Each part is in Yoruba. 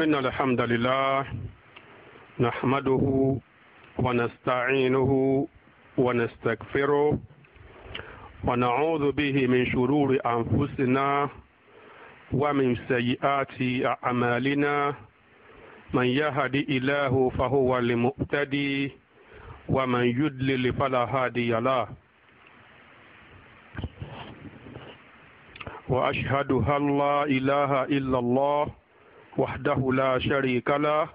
إن الحمد لله نحمده ونستعينه ونستغفره ونعوذ به من شرور أنفسنا ومن سيئات أعمالنا من يهد إله فهو المؤتدي ومن يدلل فلا هادي له وأشهد أن لا إله إلا الله وحده لا شريك له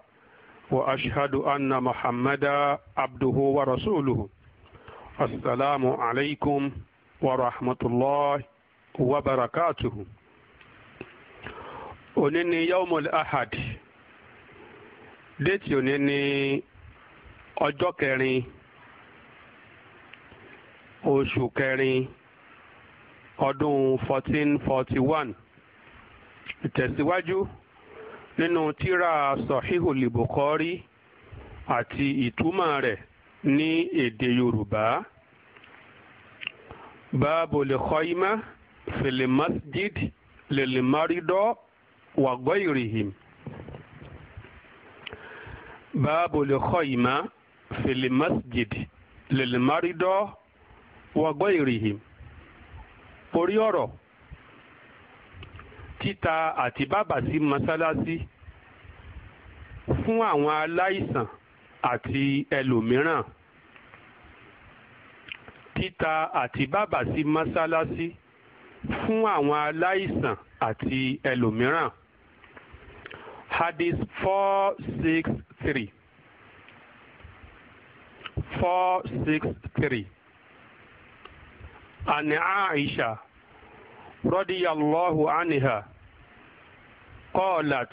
وأشهد أن محمدا عبده ورسوله السلام عليكم ورحمة الله وبركاته onini yawmul ahad déètì òní ni ọjọ́ kẹrin oṣù kẹrin ọdún fourteen forty one ìtẹ̀síwájú nínú tírà Sahihul Bukhari àti ìtumọ̀ rẹ̀ ní èdè Yorùbá Babul Khoima fil masjid lil marido wa ghayrihim Babul Khoima fil masjid lil marido wa ghayrihim orí ọ̀rọ̀ títa àti bàbà sí mọ́sálásí fún àwọn aláìsàn àti ẹlòmíràn títa àti bàbà sí mọ́sálásí fún àwọn aláìsàn àti ẹlòmíràn hadith four six three four six three an Aisha radiyallahu anha kọ́ọ̀lát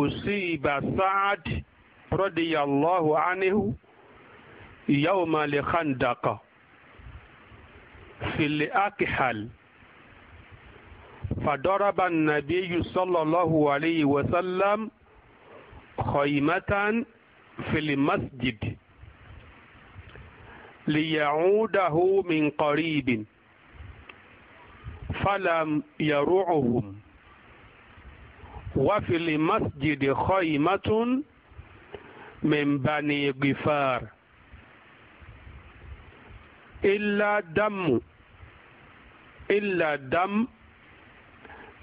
usiba Sa'ad radiyallahu anhu yawma li khandaqa fil akhal fadaraba an-nabiyyu sallallahu alayhi wa sallam khaymatan fil masjid liya'udahu min qaribin falam yaru'uhum وفي المسجد خيمة من بني غفار إلا دم إلا دم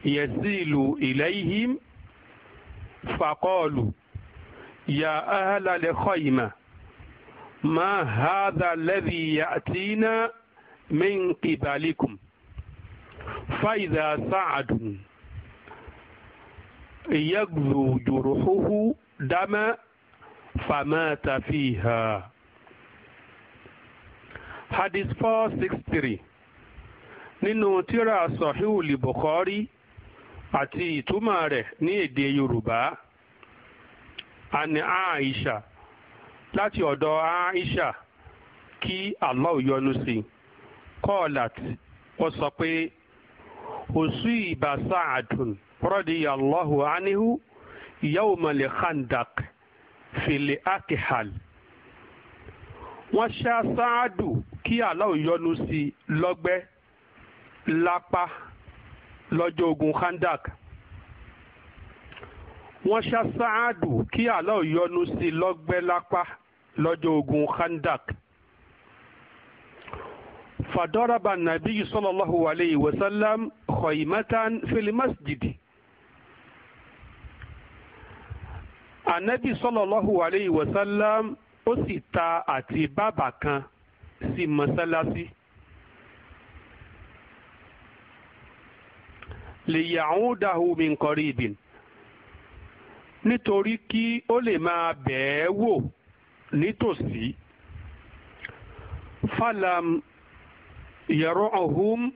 يسيل إليهم فقالوا يا أهل الخيمة ما هذا الذي يأتينا من قبلكم فإذا سعدوا yagzu juruhuhu dama famata fiha hadith four six three nínú tírà asọ bukhari àti ìtumọ̀ rẹ̀ ní èdè yorùbá àní aisha láti ọ̀dọ̀ aisha kí allah yọ́nú sí kọ́ọ̀lá ó sọ pé òsú ìbá sáàdùn. radiyallahu anhu yawmal khandaq fil akihal wọ́n ṣá sáádù kí aláwọ̀ yọ́nú sí lọ́gbẹ́ lápá lọ́jọ́ ogun khandak wọ́n ṣá sáádù kí aláwọ̀ yọ́nú sí lọ́gbẹ́ lápá lọ́jọ́ ogun khandak fàdọ́rọ̀bà nàbí sallallahu alayhi wa sallam khaymatan fil anabi sallallahu alayhi wa sallam ó sì ta àti bàbà kan sí mọ́sálásí. liya'udahu min qaribin nítorí kí ó lè máa bẹ̀ẹ́ wò nítòsí falam yara'uhum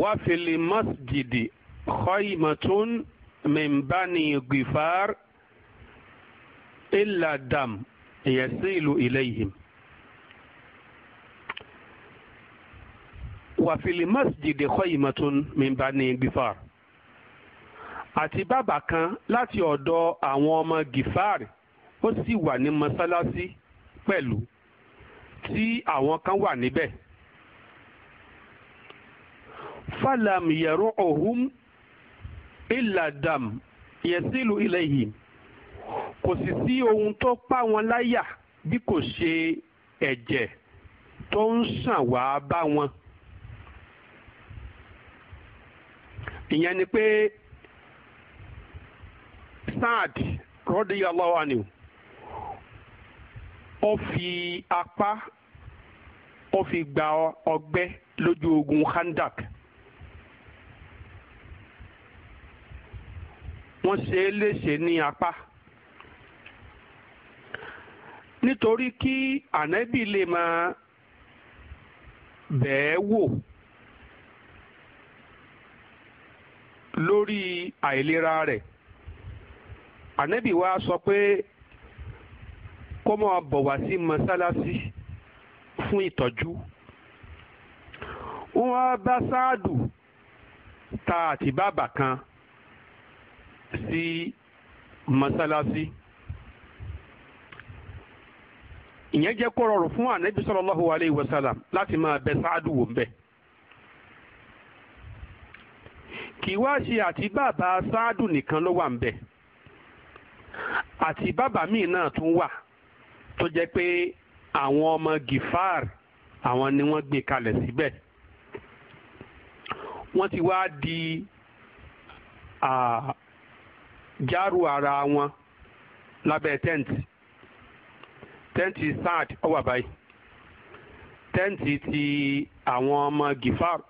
wa fil masjidi khaymatun min bani illa dam yasilu ilayhim. wa fil masjid khaymatun min bani gifar àti bàbà kan láti ọ̀dọ̀ àwọn ọmọ gifar ó sì wà ní mọ́sálásí pẹ̀lú tí àwọn kan wà níbẹ̀. falam yaruhum illa dam yasilu ilayhim kò sì sí ohun tó pa wọn láyà bí kò ṣe ẹ̀jẹ̀ tó ń ṣàn wá bá wọn. ìyẹn ni pé Saad rọ́díyàlọ́wọ́ ni ó fi apá ó fi gba ọgbẹ́ lójú ogun Khandak. wọ́n ṣe é léṣe ní apá nítorí kí ànábì lè máa bẹ̀ẹ́ wò lórí àìlera rẹ̀ ànábì wa sọ pé kó máa bọ̀ wá sí mọ́sálásí fún ìtọ́jú wọ́n bá sáàdù ta àti kan sí mọ́sálásí. ìyẹn jẹ́ kó rọrùn fún ànábì sallallahu alayhi wa sallam láti máa bẹ sáádù wò ń bẹ̀. kì í wá ṣe àti bàbá sáádù nìkan ló wà ń bẹ̀ àti bàbá míì náà tún wà tó jẹ́ pé àwọn ọmọ gifar àwọn ni wọ́n gbé kalẹ̀ síbẹ̀ wọ́n ti wá di jaru ara wọn lábẹ́ tẹ́ǹtì tẹ́ǹtì sad ó wà báyìí tẹ́ǹtì ti àwọn ọmọ gifar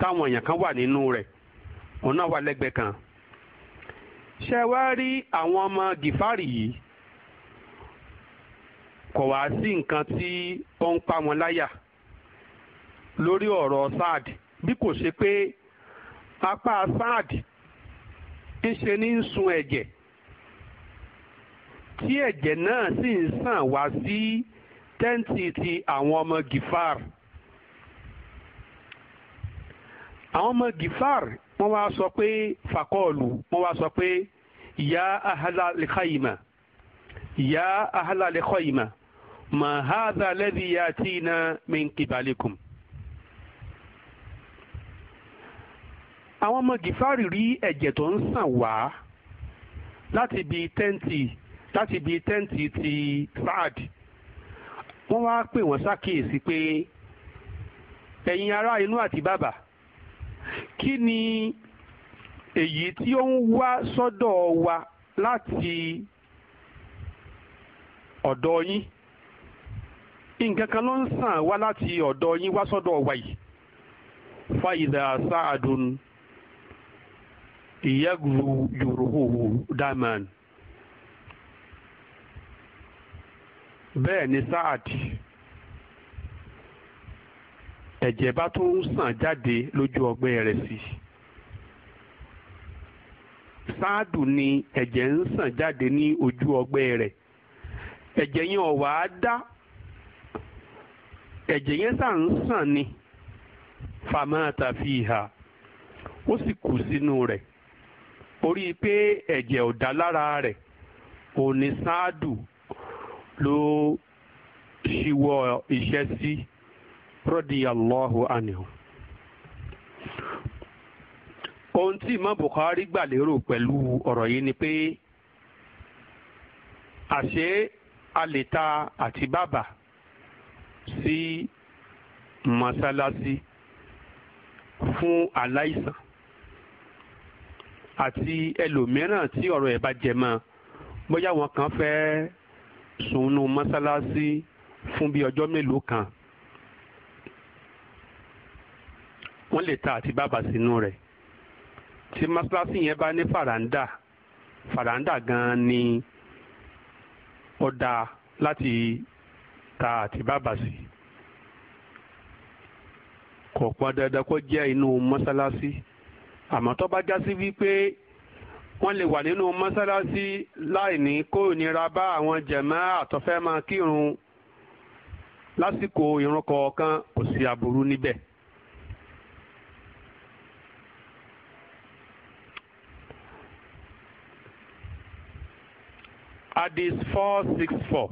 táwọn èèyàn kan wà nínú rẹ̀ òun náà wà lẹ́gbẹ̀ẹ́ kan ṣe wá rí àwọn ọmọ gifar yìí kò wá sí nǹkan tí ó ń pa wọn láyà lórí ọ̀rọ̀ sad bí kò ṣe pé apá sad ń ṣe ní sun ẹ̀jẹ̀ tí ẹ̀jẹ̀ náà sì ń sàn wá sí tẹ́ǹtì ti àwọn ọmọ gifar àwọn ọmọ gifar wọ́n wá sọ pé fakọ́ọ̀lù wọ́n wá sọ pé ìyá ahala lẹ́kọ̀ọ́yìmà ìyá ahala lẹ́kọ̀ọ́yìmà mà lẹ́bi ya tí iná mi àwọn ọmọ gifar rí ẹ̀jẹ̀ tó ń sàn wá láti bi tẹ́ǹtì láti ibi tẹ́ǹtì ti Saad wọ́n wá pè wọ́n ṣàkíyèsí pé ẹ̀yin ará inú àti bàbà kí ni èyí tí ó ń wá sọ́dọ̀ wa láti ọ̀dọ̀ yín nǹkan kan ló ń sàn wá láti ọ̀dọ̀ yín wá sọ́dọ̀ wa yìí fàyìdà sáàdùn ìyẹ́gùrú yòrò dàmán. bẹ́ẹ̀ ni Saad ẹ̀jẹ̀ bá tó ń sàn jáde lójú ọgbẹ́ rẹ̀ sí ni ẹ̀jẹ̀ ń sàn jáde ní ojú ọgbẹ́ rẹ̀ ẹ̀jẹ̀ yẹn ò dá ẹ̀jẹ̀ yẹn ń sàn ni famata fi hà ó sì kù sínú rẹ̀ orí pé ẹ̀jẹ̀ ò lára Saadu ló ṣíwọ́ iṣẹ́ sí radiyallahu anhu. ohun tí Imam Bukhari gbà lérò pẹ̀lú ọ̀rọ̀ yìí ni pé àṣé a lè ta àtíbàbà sí mọ́sálásí fún aláìsàn àti ẹlòmíràn tí ọ̀rọ̀ ẹ̀ bá jẹ mọ́ bóyá wọn kàn fẹ́ẹ́ sùnú masalasi fún bí ọjọ́ mélòó kan wọ́n lè ta àti bàbà sínú rẹ̀ tí mọ́sálásí yẹn bá ní fàràǹdà fàràǹdà gan-an ni ó dáa láti ta àti bàbà sí kò pọn dandan kó jẹ́ inú mọ́sálásí àmọ́ tó bá já sí wọ́n lè wà nínú mọ́sálásí láì ní kó ìnira bá àwọn jẹ̀mọ́ àtọ́fẹ́ máa kírun lásìkò ìrun kọ̀ọ̀kan kò sí aburú níbẹ̀. Hadis 464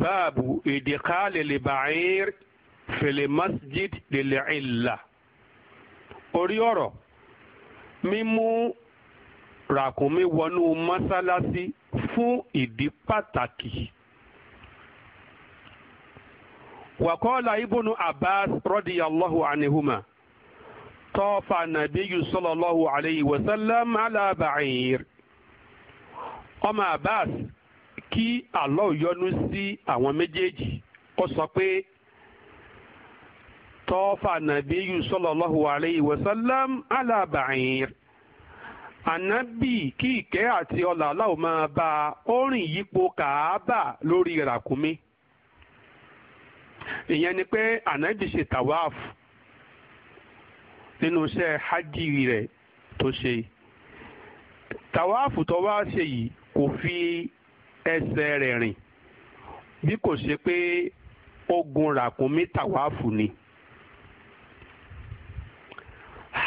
Báàbù ìdíkà lè bàáyé fèlè masjid lè lè ìlà. orí ọ̀rọ̀ mímú ràkúnmí wọnú mọ́sálásí fún ìdí pàtàkì. وقال ابن عباس رضي الله عنهما طاف النبي صلى الله عليه وسلم على بعير ọmọ Abbas kí Allah yọ́nú sí àwọn méjèèjì ó sọ pé طاف النبي صلى الله عليه وسلم على بعير، النبي àti ọlà aláwọ̀ máa bá a ó rìn yípo kàábà lórí ràkúnmí ìyẹn ni pé ànábì ṣe tàwáàfù nínú iṣẹ́ hajj rẹ̀ tó ṣe tàwáàfù tó wá ṣe yìí kò fi ẹsẹ̀ rẹ̀ rìn bí kò ṣe pé ó ràkúnmí tàwáàfù ni.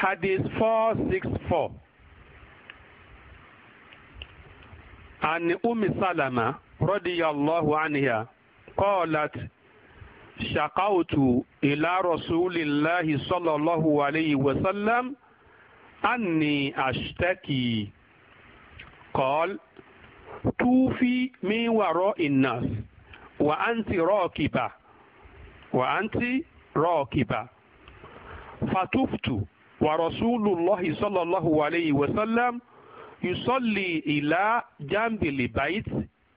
Hadith 464. عن أم سلمة رضي الله عنها قالت شقوت إلى رسول الله صلى الله عليه وسلم أني أشتكي قال توفي من وراء الناس وأنت راكبة وأنت راكبة فتفت wa rasulullahi sallallahu alayhi wa sallam yusalli ila jambil bait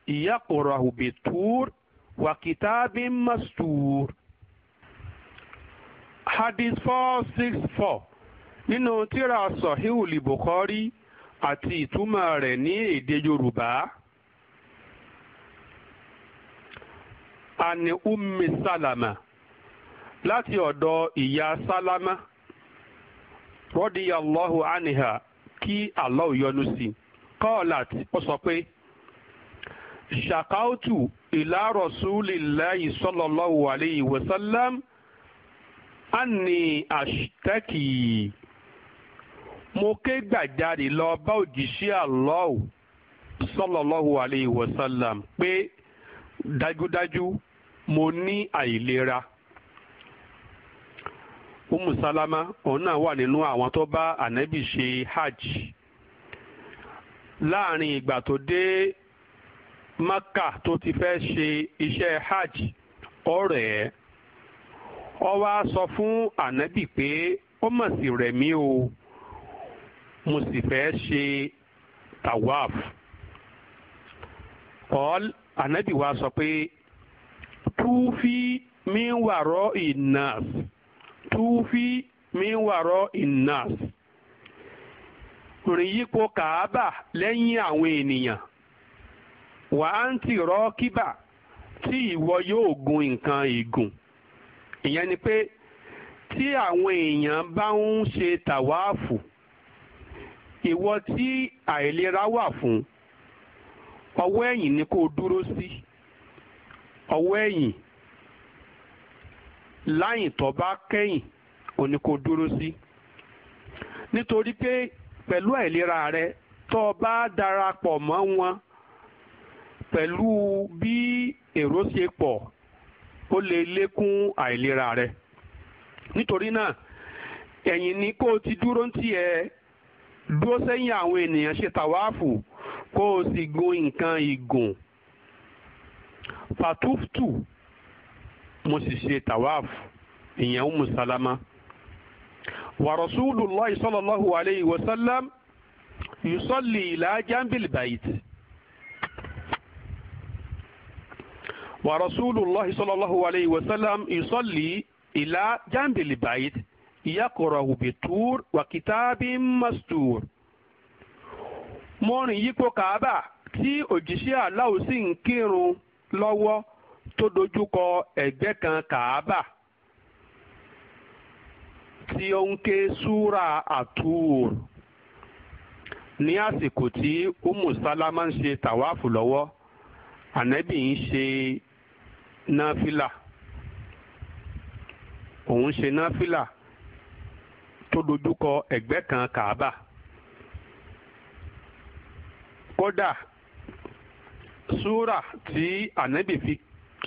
yaqrahu bitur wa kitabin mastur. hadith four six four nínú tírà sọ̀híhùlì bukhari àti ìtumọ̀ rẹ̀ ní èdè yorùbá. àní ummi salama láti ọ̀dọ̀ ìyá salama radiyallahu anha kí Allah yọ́nú sí i qalat ó sọ pé ṣàkáùtù ila rasulillahi sallallahu alayhi wa sallam anni ashtaki mo ké gbàjarè lọ bá òjíṣẹ́ Allah sallallahu alayhi wa sallam pé dájúdájú mo ní àìlera umu salama òun náà wà nínú àwọn tó bá ànábì ṣe hajj láàrin ìgbà tó dé maka tó ti fẹ́ ṣe iṣẹ́ hajj ọ̀rẹ́ ó wá sọ fún ànábì pé ó mọ̀ sí rẹ̀ mí o mo sì fẹ́ ṣe tawaf paul ànábì wa sọ pé túfí mi wàrọ̀ ìnàs túfí mi wàrọ̀ ìnàs rìn yípo kàábà lẹ́yìn àwọn ènìyàn wà á ń tì rọ́ kíbà tí ìwọ yóò gun nǹkan ìgùn ìyẹn ni pé tí àwọn èèyàn bá ń ṣe tàwáàfù ìwọ tí àìlera wà fún ọwọ́ ẹ̀yìn ni kò dúró sí ọwọ́ ẹ̀yìn láyìn tó bá kẹ́yìn ò ní kó dúró sí nítorí pé pẹ̀lú àìlera rẹ tó bá darapọ̀ mọ́ wọn pẹ̀lú bí èrò ṣe pọ̀ ó lè lékún àìlera rẹ nítorí náà ẹ̀yìn ni kó o ti dúró ń tiẹ̀ dúró sẹ́yìn àwọn ènìyàn ṣe tàwáàfù kó o sì gun nǹkan ìgùn fàtúftù mo sì ṣe tàwáàfù ìyẹn Ummu Salama wa Rasulullah sallallahu alayhi wa sallam yusalli ila jambil bayt wa Rasulullah sallallahu alayhi wa sallam yusalli ila jambil bayt yaqra'u bitur wa kitabin mastur mo rìn yípo Kaaba tí òjíṣẹ́ aláwo sì ń kírun lọ́wọ́ tó dojúkọ ẹ̀gbẹ́ kan kàábà tí ó ń ké súra àtúwòr ní àsìkò tí umu salama ń ṣe tàwáàfù lọ́wọ́ ànábì ń ṣe náfìlà òun ṣe náfìlà tó dojúkọ ẹ̀gbẹ́ kan kàábà kódà súra tí ànábì fi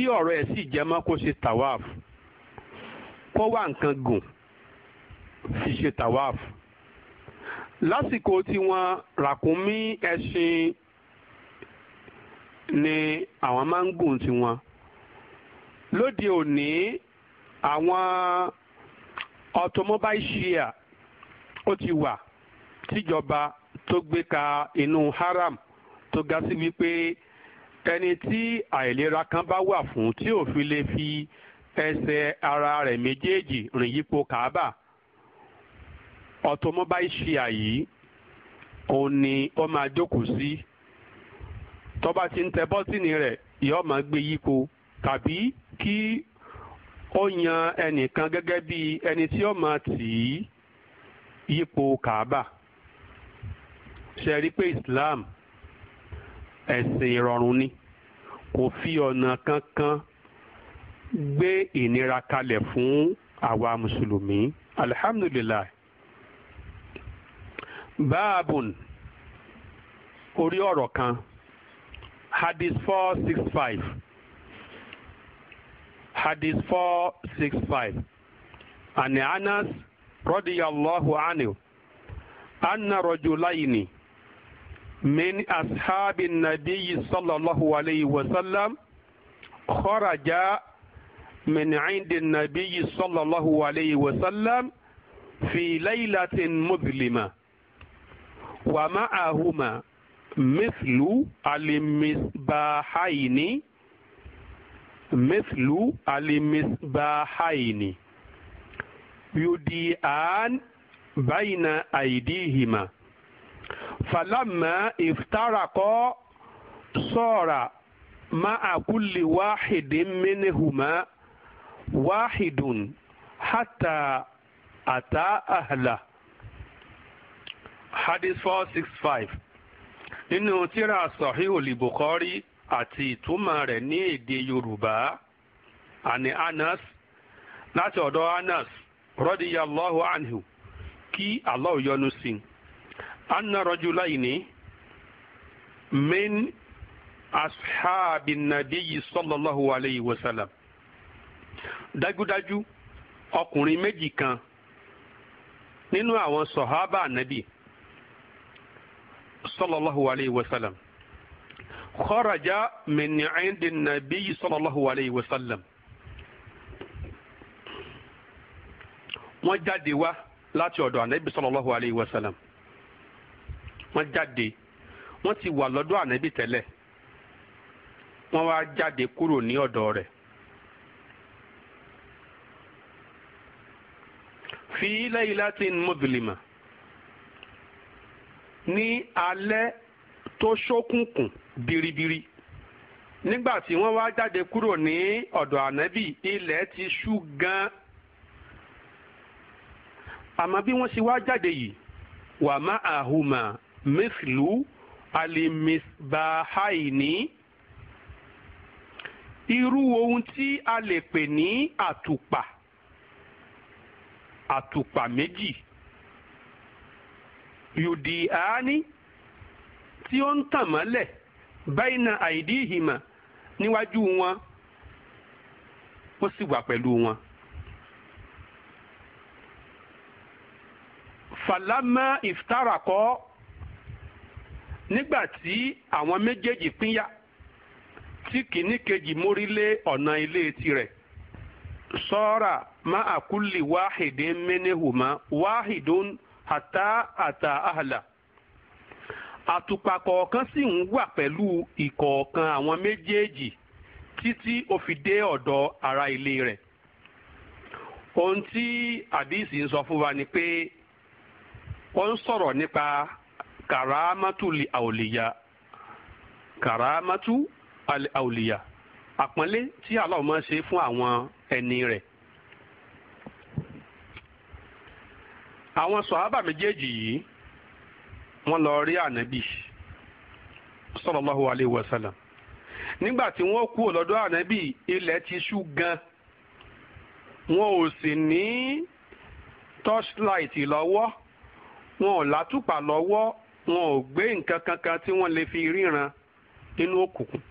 tí ọ̀rọ̀ ẹ̀ sì jẹ́ mọ́ kó ṣe tawaf kó wá nǹkan gùn fi ṣe tawaf lásìkò tí wọ́n ràkúnmí ẹṣin ni àwọn máa ń gùn tiwọn lóde òní àwọn automobile share ó ti wà tíjọba tó gbé ka inú haram tó ga sí wípé. Si ẹni tí àìlera kan bá wà fún tí ò fi lè fi ẹsẹ̀ ara rẹ̀ méjèèjì rìn yípo Kaaba automobile ṣíà yìí òun ni ó máa jókòó sí tó bá ti ń tẹ bọ́tìnì rẹ̀ yóò máa gbé yípo tàbí kí ó yan ẹnìkan gẹ́gẹ́ bí ẹni tí ó máa tì í yípo Kaaba ṣe rí pé Islam ẹ̀sìn ìrọ̀rùn ni kò fi ọ̀nà kankan gbé ìnira kalẹ̀ fún àwa mùsùlùmí alihamdulilayi baabun orí ọ̀rọ̀ kan hadith four six five hadith four six five ani anas radiyallahu anhu anna من أصحاب النبي صلى الله عليه وسلم خرج من عند النبي صلى الله عليه وسلم في ليلة مظلمة ومعهما مثل المصباحين مثل المصباحين يديان بين أيديهما falama iftarakọ sọra ma'a kulli wahidin minihuma wahidun hatta ata ahla hadith four six five nínú tírà sọ̀híhù libukori àti ìtumọ̀ rẹ̀ ní èdè yorùbá àní anas láti ọ̀dọ̀ anas rọ́díyàlọ́hu anhu kí Allah yọ́nú sí i anna rajulaini min ashabi nabiyyi sallallahu alayhi wa sallam dájúdájú ọkùnrin méjì kan nínú àwọn sọ̀hábà nàbì sallallahu alayhi wa sallam kharaja min 'indi nabiyyi sallallahu alayhi wa sallam wọ́n jáde wá láti ọ̀dọ̀ ànábì sallallahu alayhi wa sallam wọ́n jáde wọ́n ti wà lọ́dọ̀ ànábì tẹ́lẹ̀ wọ́n wá jáde kúrò ní ọ̀dọ̀ rẹ̀. fi laylatin mudlima ní alẹ́ tó ṣókùnkùn biribiri nígbà tí wọ́n wá jáde kúrò ní ọ̀dọ̀ ànábì ilẹ̀ ti ṣú gan-an àmọ́ bí wọ́n ṣe wá jáde yìí wà má àhùmà mithlu alimisbahaini irú ohun tí a lè pè ní àtùpà àtùpà méjì yòdì àání tí ó ń tàn mọ́lẹ̀ báyìí àìdí ìhìmà níwájú wọn ó sì wà pẹ̀lú wọn. fàlámà ìfitarakọ́ nígbà tí àwọn méjèèjì pínyà tí kìíní kejì mórí lé ọ̀nà ilé tirẹ̀ sọ́ra ma àkúlì wáhìdì mẹ́nihùmá wáhìdùn àtà àtà àhàlà àtùpà kọ̀ọ̀kan sì ń wà pẹ̀lú ìkọ̀ọ̀kan àwọn méjèèjì títí ó fi dé ọ̀dọ̀ ara ilé rẹ̀ ohun tí àdìsí ń sọ fún wa ni pé ó ń sọ̀rọ̀ nípa kàràmátù li àwòlíyà kàràmátù àwòlíyà àpọ́nlé tí Allah máa ṣe fún àwọn ẹni rẹ̀. àwọn sọ̀hábà méjèèjì yìí wọ́n lọ rí ànábì sallallahu alayhi wa sallam nígbà tí wọ́n kú lọ́dọ̀ ànábì ilẹ̀ ti ṣú gan wọn ò sì ní torchlight lọ́wọ́ wọn ò látùpà lọ́wọ́ wọn ò gbé nǹkan kankan tí wọn lè fi ríran nínú òkùnkùn